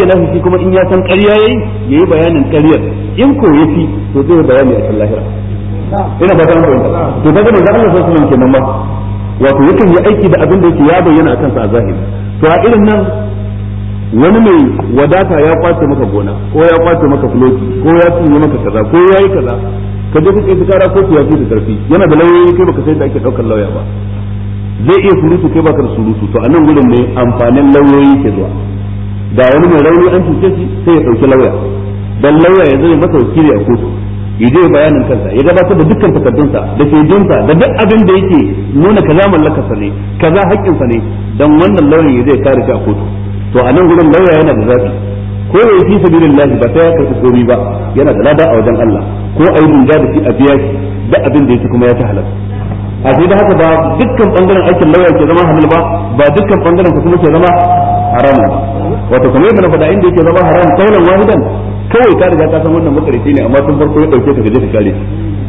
yana kuma in ya san ƙarya yayi yayi bayanin ƙaryar in ko yafi to zai bayani a kan lahira ina ba ta mun to ta manzo Allah sallallahu alaihi kenan ba wato yakan yi aiki da abin da yake ya bayyana akan sa a zahiri to a irin nan wani mai wadata ya kwace maka gona ko ya kwace maka filoti ko ya tunye maka kaza ko ya kaza ka je kuka kara ko ya fi da tarfi yana da lauyoyi kai baka sai da ake daukar lauya ba zai iya surutu kai baka da surutu to a nan gurin ne amfanin lauyoyi ke zuwa ga wani mai rauni an cuce shi sai ya dauki lauya dan lauya ya zai masa wakili a kotu ya bayanin kansa ya gabatar da dukkan takardunsa da shaidunsa da duk abin da yake nuna kaza mallakarsa ne kaza haƙƙinsa ne dan wannan lauyan ya zai kare shi a kotu to a nan gurin lauya yana da zafi ko ya fi sabilillahi ba sai ya karɓi komai ba yana da lada a wajen Allah ko a yi dinga da shi a biya shi duk abin da yake kuma ya ta halal a sai da haka ba dukkan bangaren aikin lauya ke zama halal ba ba dukkan bangaren kuma ke zama haramun ba wato kamar yadda na faɗa inda yake zama haram kaulan wahidan kawai ka riga ka san wannan makarici ne amma tun farko ya dauke ka gaje ka kare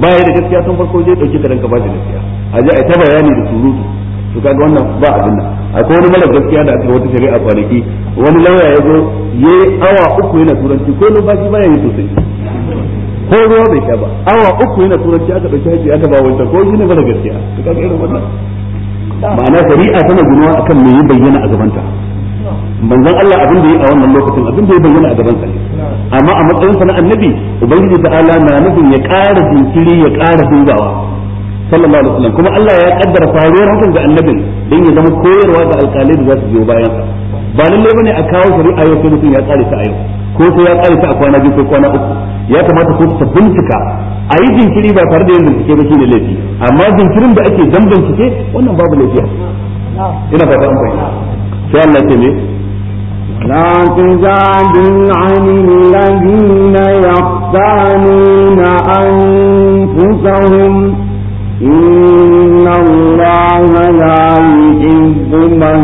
ba ya da gaskiya tun farko zai dauke ka dan ka ba da gaskiya a je ai ta bayani da surutu to kaga wannan ba abin nan akwai wani mara gaskiya da aka wata shari'a kwanaki wani lauya ya zo yayi awa uku yana turanci ko numfashi ya yi sosai ko ruwa bai sha ba awa uku yana turanci aka dauki haji aka ba wanta ko shi ne mara gaskiya to kaga irin wannan ma'ana shari'a tana gunuwa akan me ya bayyana a gabanta manzon Allah abin da yi a wannan lokacin abin da ya bayyana a gaban sa amma a matsayin sa na annabi ubangiji ta'ala na nufin ya ƙara jinkiri ya ƙara dubawa sallallahu alaihi wasallam kuma Allah ya kaddara faruwar hakan ga annabin dan ya zama koyarwa ga alƙalai da za su biyo bayan sa ba lalle bane a kawo shari'a yau sai mutum ya tsare ta a yau ko sai ya tsare ta a kwana biyu ko kwana uku ya kamata ko ta bincika a yi jinkiri ba tare da yin bincike ba shine laifi amma jinkirin da ake dan bincike wannan babu laifi ina fata an bayyana sai Allah ke ne la tajadil anil ladina yaqtanuna anfusahum inna allaha la yuhibbu man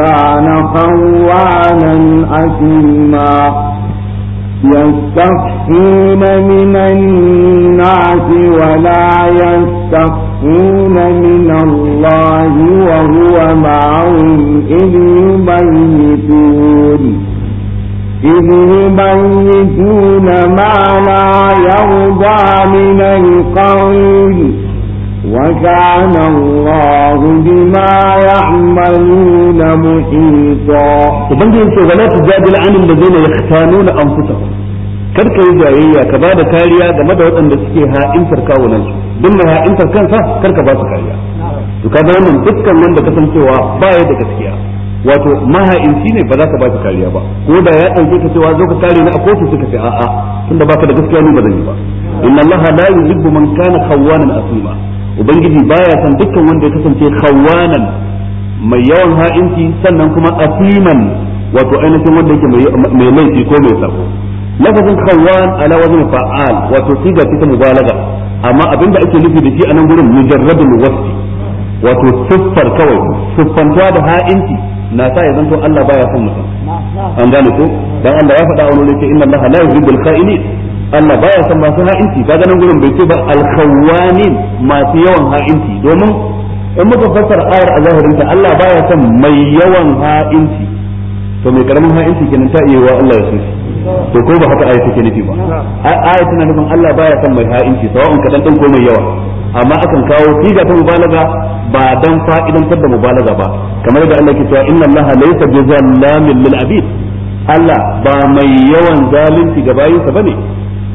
kana khawanan asima يستخفون من الناس ولا إذ يبيتون إذ يبيتون ما لا يرضى من القول وكان الله بما يعملون محيطا وبنجي انت ولا تجادل عن الذين يختانون انفسهم ka yi ka ba da kariya game da waɗanda suke ha'intar kawunansu don mai ha'intar kansa ba su kariya to kaga wannan dukkan wanda kasancewa ba ya da gaskiya wato maha'inci ne ba za ka ba ka kariya ba ko da ya ɗauke ka cewa zo ka kare ni a kotu suka ce a'a tunda baka da gaskiya ni ba zan yi ba inna allaha la yuhibbu man kana khawanan asima ubangiji baya san dukkan wanda ya kasance khawanan mai yawan ha'inci sannan kuma asiman wato ainihin wanda yake mai laifi ko mai sako lafazin khawan ala wazn fa'al wato siga ta mubalaga amma abinda ake nufi da shi a nan gurin mujarrabul wasfi wato siffar kawai siffantuwa da ha'inci na sa ya zanto Allah baya son mutum an gane ko dan Allah ya faɗa a wani ke inna Allah la yuhibbu al Allah baya son masu ha'inci kaga nan gurin bai ce ba al masu yawan ha'inci domin in muka fassara ayar a zahirin ta Allah baya son mai yawan ha'inci to mai karamin ha'inci kenan ta iya wa Allah ya so to ko ba haka aya take nufi ba aya tana nufin Allah baya son mai ha'inci sawa'un kadan din ko mai yawa amma akan kawo siga ta mubalaga ba dan fa'idantar da mubalaga ba kamar da Allah ke cewa inna Allah laysa bizallamin lil abid Allah ba mai yawan zalunci ga bayinsa bane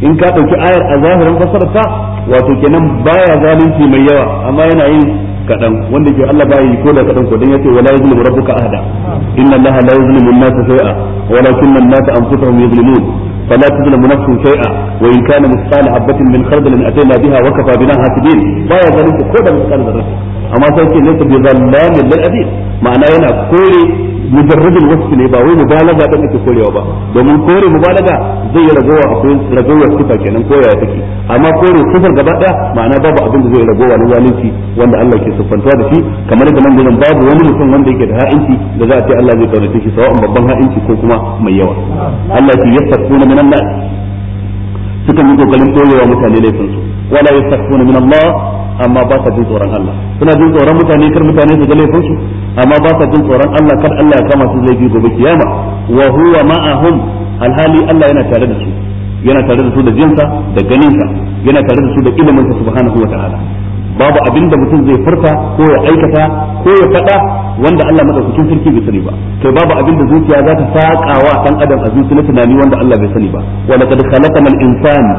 in ka dauki ayar a zahirin fasarta wato kenan baya zalunci mai yawa amma yana yin kadan wanda ke Allah bai ko da kadan ko dan yace wala yuzlimu rabbuka ahada inna allaha la yuzlimu an-nasa shay'a walakinna an-nasa anfusahum yuzlimun فلا تظلم نفس شيئا وان كان مثقال حبه من خردل اتينا بها وكفى بنا حاسبين لا يظلم كودا مثقال ذره amma sai ce bi zallamin lil abid ma'ana yana kore mujarradin wasu ne ba wai mubalaga dan ake korewa ba domin kore mubalaga zai yi ragowa akwai ragowa sifa kenan ko yaya take amma kore sifar gaba daya ma'ana babu abin da zai ragowa na zalunci wanda Allah ke siffantuwa da shi kamar da nan gurin babu wani mutum wanda yake da ha'inci da za a ce Allah zai kaunace shi sawa'an babban ha'inci ko kuma mai yawa Allah ke yasfakuna minan nas sukan yi kokarin koyewa mutane laifin su wala yasfakuna min Allah amma ba sa jin tsoron Allah suna jin tsoron mutane kar mutane su ga laifin su amma ba sa jin tsoron Allah kar Allah ya kama su laifi gobe kiyama wa huwa ma'ahum alhali Allah yana tare da su yana tare da su da jinsa da ganinsa yana tare da su da ilimin sa subhanahu wa ta'ala babu abin da mutum zai furta ko ya aikata ko ya faɗa wanda Allah madaukakin sarki bai sani ba to babu abin da zuciya za ta wa dan adam a zuci na tunani wanda Allah bai sani ba wa laqad khalaqana al-insana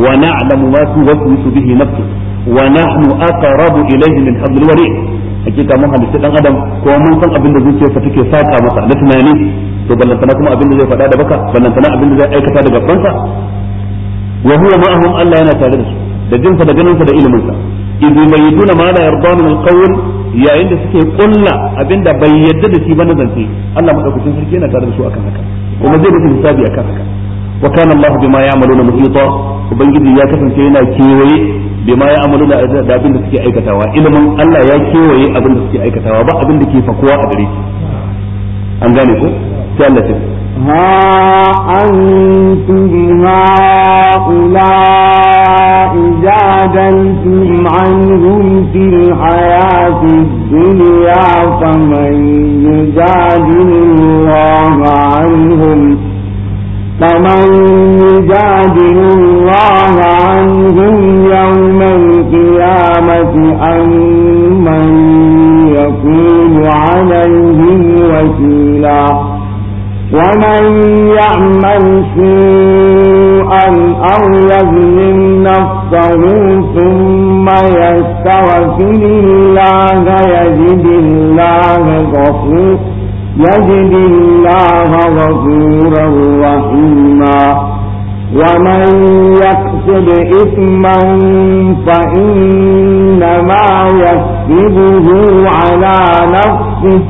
wa na'lamu ma tuwaswisu bihi nafsuhu wa nahnu aqrabu ilayhi min hablil warid hakika mun halitta dan adam ko mun san abin da sa take saka masa na tunani to ballantana kuma abin da zai faɗa da baka ballantana abin da zai aikata da gabansa wa huwa ma'ahum Allah yana tare da su da jinsa da ganinsa da iliminsa idh yumayyituna ma la yarda min al yayin da suke kulla abinda bai yadda da shi ba na zance Allah madaukakin sarki yana tare da su akan haka kuma zai mutu hisabi akan haka wa kana Allah bima ya'maluna muhita ubangiji ya kasance yana kewaye bima ya amalu da abin da suke aikatawa ilimin Allah ya kewaye abin da suke aikatawa ba abin da ke fakuwa a gare shi an gane ko sai Allah ce ha antum bima ula jadaltum anhum fil hayati dunya faman yujadilu Allah anhum فمن يجادل الله عنهم يوم القيامة أم من يكون عليهم وكيلا ومن يعمل سوءا أو يظلم نفسه ثم يستغفر الله يجد الله غفورا يجد الله غفورا رحيما ومن يكسب إثما فإنما يكسبه على نفسه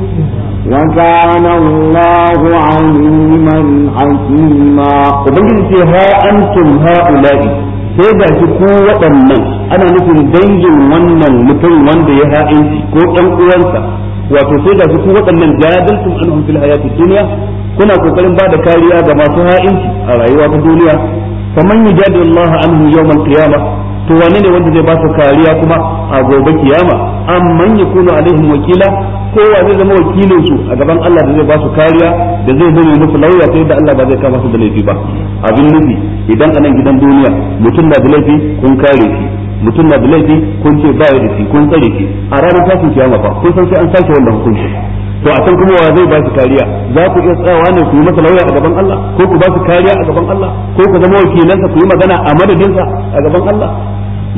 وكان الله عليما حكيما وبنجد ها أنتم هؤلاء sai ga shi ko waɗannan ana nufin dangin wannan mutum wanda ya ha'inci ko ɗan uwansa wato sai ga ku waɗannan jadaltum anhum fil hayatid dunya kuna kokarin bada kariya ga masu ha'inci a rayuwa ta duniya faman yujadilu Allah anhum yawm qiyamah to wane ne wanda zai ba su kariya kuma a gobe kiyama amman yakunu alaihim wakila kowa zai zama wakilin su a gaban Allah da zai ba su kariya da zai zama musu lauya sai da Allah ba zai kama su da laifi ba abin nufi idan a nan gidan duniya mutum da laifi kun kare shi mutum na da laifi kun ce ba da shi kun tsare shi a ranar tashin kiyama fa kun san sai an sake wannan hukunci to a can kuma wa zai ba su kariya za ku iya tsayawa ne ku yi masa lauya a gaban Allah ko ku ba su kariya a gaban Allah ko ku zama wakilansa ku yi magana a madadinsa a gaban Allah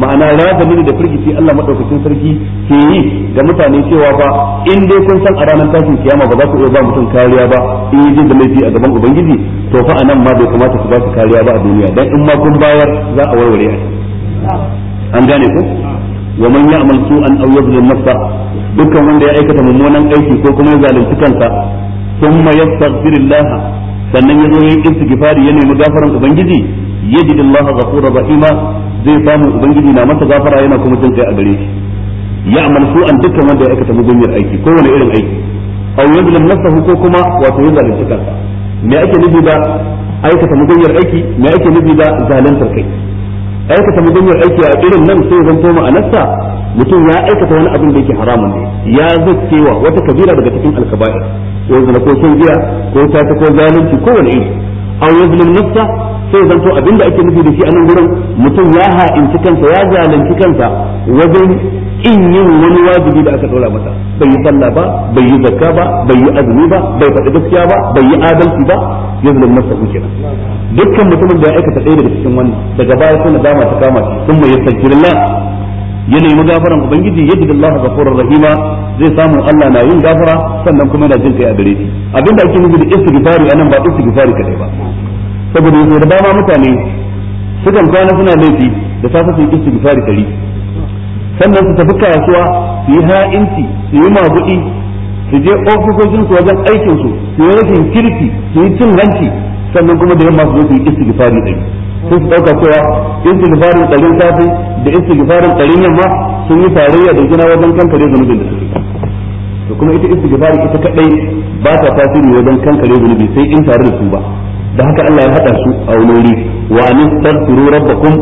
ma'ana razali da firgici Allah madaukakin sarki ke yi ga mutane cewa ba in dai kun san a ranar tashin kiyama ba za ku iya ba mutum kariya ba in yi da laifi a gaban ubangiji to fa a nan ma bai kamata ku ba su kariya ba a duniya dan in ma kun bayar za a warware a an gane ko wa man ya'mal su'an aw yadhlim nafsa dukkan wanda ya aikata mummunan aiki ko kuma ya zalunci kansa thumma yastaghfirullah sannan ya zo yayin istighfari ya nemi gafaran ubangiji yajidullah ghafurur rahima zai samu ubangiji na masa gafara yana kuma jin kai a gare shi ya'mal su'an dukkan wanda ya aikata mummunan aiki ko wani irin aiki aw yadhlim nafsahu ko kuma wato ya zalunci kansa me ake nufi da aikata mugunyar aiki me ake nufi da zaluntar kai aikata mugunyar aiki a irin nan sai zanto ma'anarsa mutum ya aikata wani abin da yake haramun ne ya wa wata kabira daga cikin alkaba'ir ko zina ko shan giya ko sata ko zalunci ko wani iri aw yazlim nafsa sai zanto da ake nufi da shi a nan gurin mutum ya ha'inci kansa ya zalunci kansa wajen in yin wani wajibi da aka dora masa bai yi sallah ba bai yi zakka ba bai yi azumi ba bai faɗi gaskiya ba bai yi adalci ba ya zulum nafsa dukkan mutumin da ya aikata ɗaya daga cikin wannan daga baya sai da ta kama shi sun mai yastaghfirullah ya nemi gafaran ubangiji yadda Allah ghafurur rahima zai samu Allah na yin gafara sannan kuma yana jin kai a gare shi abinda ake nufi da istighfari anan ba istighfari kadai ba saboda yanzu da dama mutane sukan kwana suna laifi da safe su yi istighfari dari sannan su tafi kasuwa su yi ha'inci su yi maguɗi su je ofisoshin su wajen aikin su su yi rashin kirki su yi cin hanci sannan kuma da yamma su zo su yi istighfari dari sun su dauka cewa ɗarin safe da istighfarin ɗarin yamma sun yi tarayya da juna wajen kankare zanubin da suke to kuma ita istighfari ita kadai ba ta tasiri wajen kankare zunubi sai in tare da su ba da haka Allah ya hada su a wuri wa an tastaghfiru rabbakum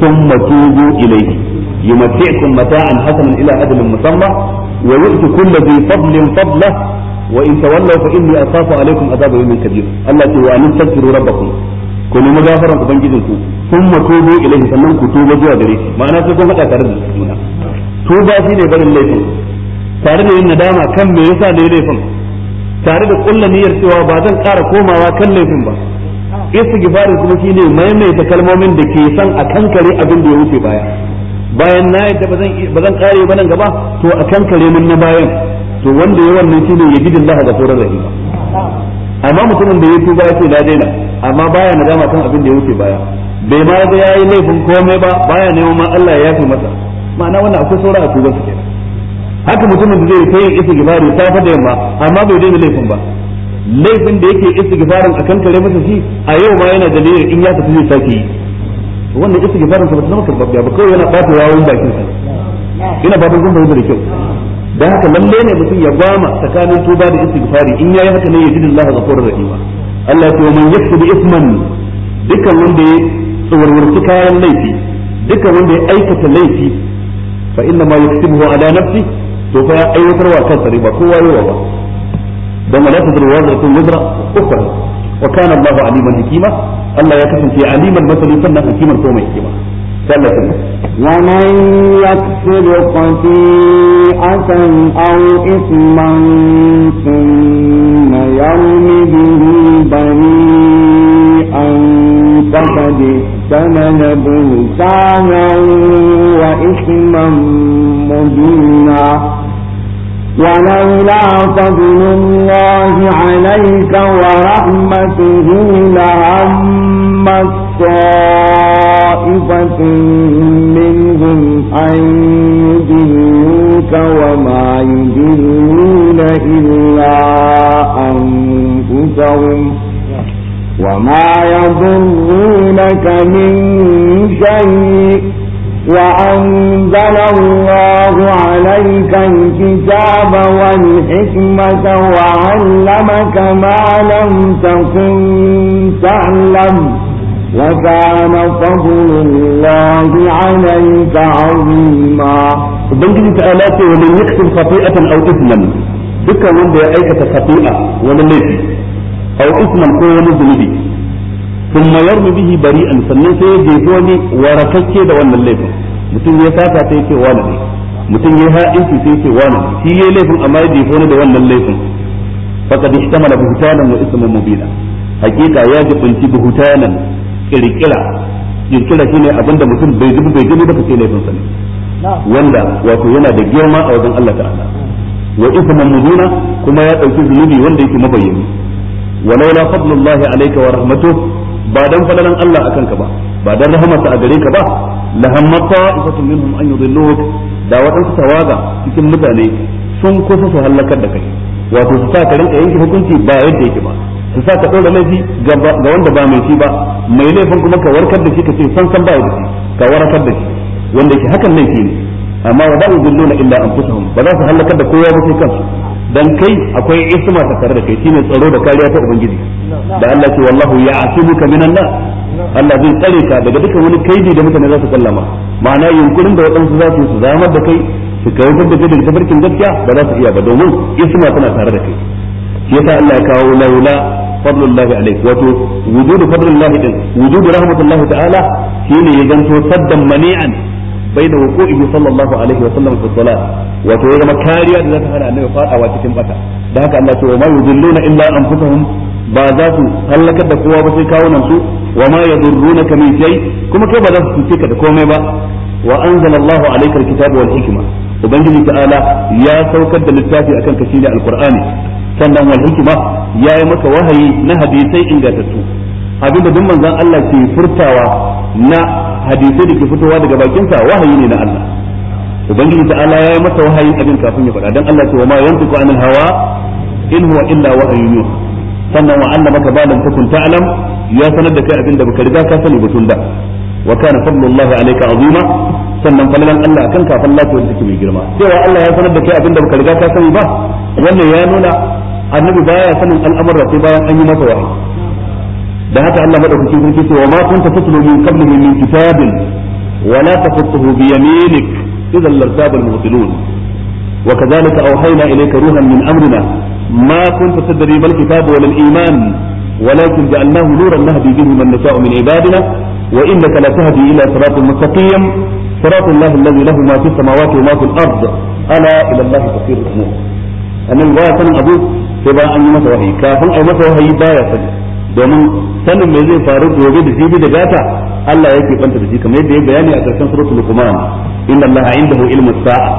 thumma tubu ilayhi yumati'kum mata'an hasanan ila ajalin musamma wa yu'ti kulli dhi fadlin fadlahu wa in tawallaw fa inni akhafu alaykum adhab yawmin kabir Allah ce wa an tastaghfiru rabbakum ku nemi gafaran ubangijinku thumma tubu ilayhi sannan ku tuba zuwa gare shi ma'ana sai kun hada tare da juna tuba shine barin laifin tare da yin nadama kan me yasa da laifin tare da kullu niyyar cewa ba zan ƙara komawa kan laifin ba istighfari kuma ne maimaita kalmomin da ke san a kankare abin da ya wuce baya bayan na yadda ba zan kare ba nan gaba to a kankare min na bayan to wanda ya wannan ne ya gidi Allah ga tsoron rahima amma mutumin da ya tuba ya ce na daina amma baya na nadama kan abin da ya wuce baya bai ma ga yayi laifin komai ba baya ne ma Allah ya yafi masa ma'ana wannan akwai saura a tuban su kenan haka mutumin da zai ta yin istighfari safa da yamma amma bai daina laifin ba laifin da yake istighfarin akan kare masa shi a yau ma yana da niyyar in ya tafi zai sake yi wannan istighfarin sa ba zama karbabbiya ba kawai yana bata yawon bakin sa ina fatan kun da kyau dan haka lalle ne mutum ya gwama tsakanin tuba da istighfari in yayi haka ne ya ji Allah ghafurur rahim Allah ya ce man yaktubu isman dukkan wanda ya tsawarwarci kayan laifi dukkan wanda ya aikata laifi fa inna ma yaktubuhu ala nafsi to fa ya aiwatarwa kansa ne ba kowa yawa ba dan wala tazru wazratun wizra ukhra wa kana Allahu aliman hakima Allah ya kasance aliman masani sannan hakiman ko mai hikima sallallahu ومن يكسب خطيئة أو إثما ثم يرم به بريئا فقد اهتمن بهتانا وإثما مبينا ولولا فضل الله عليك ورحمته لهم طائفة منهم أن يدلوك وما يدلون إلا أنفسهم وما يضرونك من شيء وأنزل الله عليك الكتاب والحكمة وعلمك ما لم تكن تعلم وكان فضل الله عليك عظيما ubangiji ta ala ce wa man yaktum khati'atan au ithman dukkan wanda ya aikata khati'a wani laifi au ithman ko wani zunubi thumma yarmi bihi bari'an sannan sai ya jefi wani warakakke da wannan laifin mutum ya sata ce mutum haɗe ha'inci sai ce wani shi yayi laifin amma ya jefo da wannan laifin faqad ihtamala buhtanan wa ismun mubina hakika ya jibunci buhtanan kirkira kirkira shine da mutum bai dubu bai dubu da kace laifin sa ne wanda wato yana da girma a wajen Allah ta'ala wa ismun mubina kuma ya dauki zunubi wanda yake mabayyani walaula fadlullahi alayka wa rahmatuhu ba dan fadalan Allah akan ka ba ba dan rahamarsa a gare ka ba lahamma ta'ifatun minhum an yudilluka da waɗansu tawaga cikin mutane sun kusa su hallakar da kai wato su sa ka rinka yanke hukunci ba yadda yake ba su sa ka ɗora laifi ga wanda ba mai shi ba mai laifin kuma ka warkar da shi ka ce san san ba yadda ka warkar da shi wanda yake hakan laifi ne amma su ba'u na illa anfusuhum ba za su hallakar da kowa ba sai kansu dan kai akwai isma ta tare da kai shine tsaro da kariya ta ubangiji da Allah ce wallahu ya'tibuka minan nas Allah zai tsare ka daga dukkan wani kaidi da mutane za su kallama ma'ana yunkurin da waɗansu za su su zamar da kai su kawatar da kai daga tabarkin gaskiya ba za su iya ba domin isma tana tare da kai shi yasa Allah ya kawo laula fadlullah alayk wato wujudu fadlullah din wujudu rahmatullah ta'ala shine ya zanto saddan mani'an baina wuqu'ihi sallallahu alaihi wa sallam fi salat wato ya zama kariya da za ta hana annabi fadawa cikin bata da haka Allah ya ce wa ma yudilluna illa anfusuhum ba za su hallakar da kowa ba sai kawunan su wa ma yadurrunaka min shay kuma kai ba za su cuce ka da komai ba wa anzalallahu alayka alkitaba wal hikma ubangiji ta'ala ya saukar da littafi akan kashi da alqur'ani sannan wal hikma ya yi maka wahayi na hadisai ingantattu abinda duk manzon Allah ke furtawa na hadisai da ke fitowa daga bakinsa wahayi ne na Allah ubangiji ta'ala ya yi masa wahayi abin kafin ya faɗa dan Allah ce wa ma yantiqu anil hawa in huwa illa wahyun yuha sannan wa allamaka ba lam takun ta'lam ya sanar da kai abin da baka riga ka sani ba tun da wa kana fadlullahi alayka azima sannan falalan Allah akan ka falla ko take mai girma cewa Allah ya sanar da kai abin da baka riga ka sani ba wannan ya nuna annabi baya sanin al'amuran sai bayan an yi masa wahayi da haka Allah madaukakin sarki ce wa ma kunta tatlu min qablihi min kitabin wa la taqutuhu bi yaminik idan lartaba al-mubtilun وكذلك أوحينا إليك ruhan min amrina. ما كنت تدري ما الكتاب ولا الإيمان ولكن جعلناه نورا نهدي به من نشاء من عبادنا وإنك لتهدي إلى صراط مستقيم صراط الله الذي له ما في السماوات وما في الأرض ألا إلى الله تصير الأمور أن الغاية سنة أبوك تبع أن يمت وهي كافل أو مت وهي باية سنة دومن سنة مزين فاروق وبيد في بيد جاتا الله يكفي فانت بشي كم يدي بياني أكثر سنة لكمان إن الله عنده علم الساعة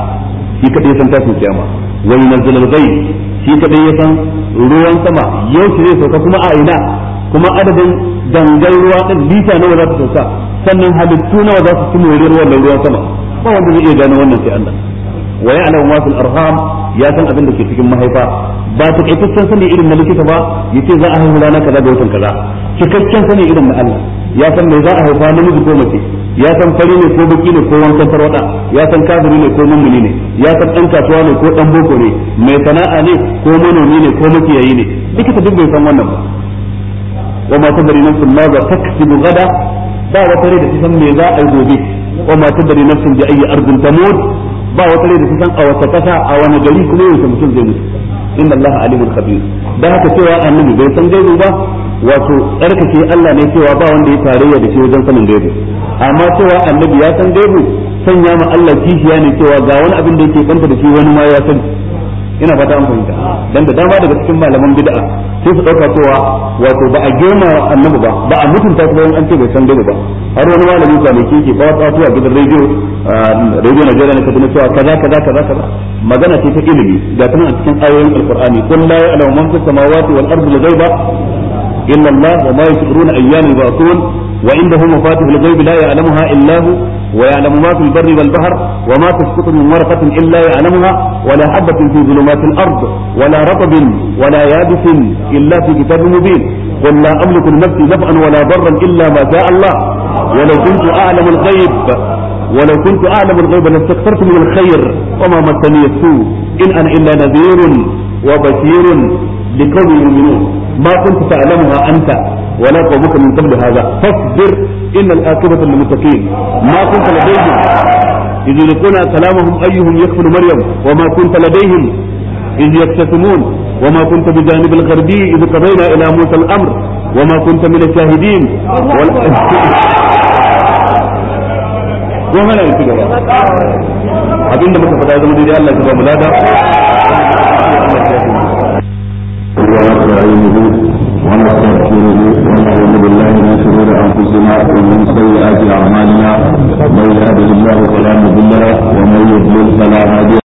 في كتير سنتات من كياما وينزل الغيث shi kadai ya san ruwan sama yau zai sauka kuma a ina kuma adadin gangan ruwa din lita nawa za su sauka sannan halittu nawa za su ci wajen wannan ruwan sama ba wanda zai iya gano wannan sai Allah wa ya'lamu ma fil arham ya san abin da ke cikin mahaifa ba ta kaitaccen sani irin na likita ba yace za a haihu rana kaza da watan kaza cikakken sani irin na Allah ya san me za a haifa namiji ko mace ya san fari ne ko baki ne ko wankan tarwada ya san kafiri ne ko mummuni ne ya san dan kasuwa ne ko dan boko ne mai sana'a ne ko manomi ne ko makiyayi ne duka ta duk bai san wannan ba wa ma tadri nafsun ma za taksibu gada ba wata rai da ta san me za a yi gobe wa ma tadri nafsun bi ayi ardin tamut ba wata rai da ta san a wata kasa a wani gari kuma yau mutum zai mutu inna allaha alimul khabir da haka cewa annabi bai san gaibu ba wato tsarkake Allah ne cewa ba wanda ya tarayya da shi wajen sanin gaibu amma cewa annabi ya san gaibu sanya ma Allah kishiya ne cewa ga wani abin da yake banta da shi wani ma ya sani ina fata an fahimta dan da dama daga cikin malaman bid'a sai su dauka cewa wato ba a girma annabi ba ba a mutunta shi bayan an ce bai san gaibu ba har wani malami kwanaki yake ba ta tuwa gidan rediyo ah, rediyo Najeriya ne ka cewa kaza kaza kaza kaza magana ce ta ilimi ga tana a cikin ayoyin alqur'ani qul la ya'lamu man fis samawati wal ardi ghaiba إلا الله وما يشعرون أيام يبعثون وعنده مفاتيح الغيب لا يعلمها إلا هو ويعلم ما في البر والبحر وما تسقط من ورقة إلا يعلمها ولا حبة في ظلمات الأرض ولا رطب ولا يابس إلا في كتاب مبين قل لا أملك لنفسي نفعا ولا ضرا إلا ما شاء الله ولو كنت أعلم الغيب ولو كنت أعلم الغيب لاستكثرت من الخير وما مسني السوء إن أنا إلا نذير وبشير لقوم يؤمنون ما كنت تعلمها أنت ولا قومك من قبل هذا فاصبر إن الآخرة للمتقين ما كنت لديهم إذ يلقون كلامهم أيهم يكفل مريم وما كنت لديهم إذ يبتسمون وما كنت بجانب الغربي إذ قضينا إلى موسى الأمر وما كنت من الشاهدين وما لا يتجرى abinda muka faɗa هذا daidai Allah ya ba mu ونستعينه ونستغفره ونعوذ بالله من شرور انفسنا ومن سيئات اعمالنا من يهده الله فلا مضل له ومن يضلل فلا هادي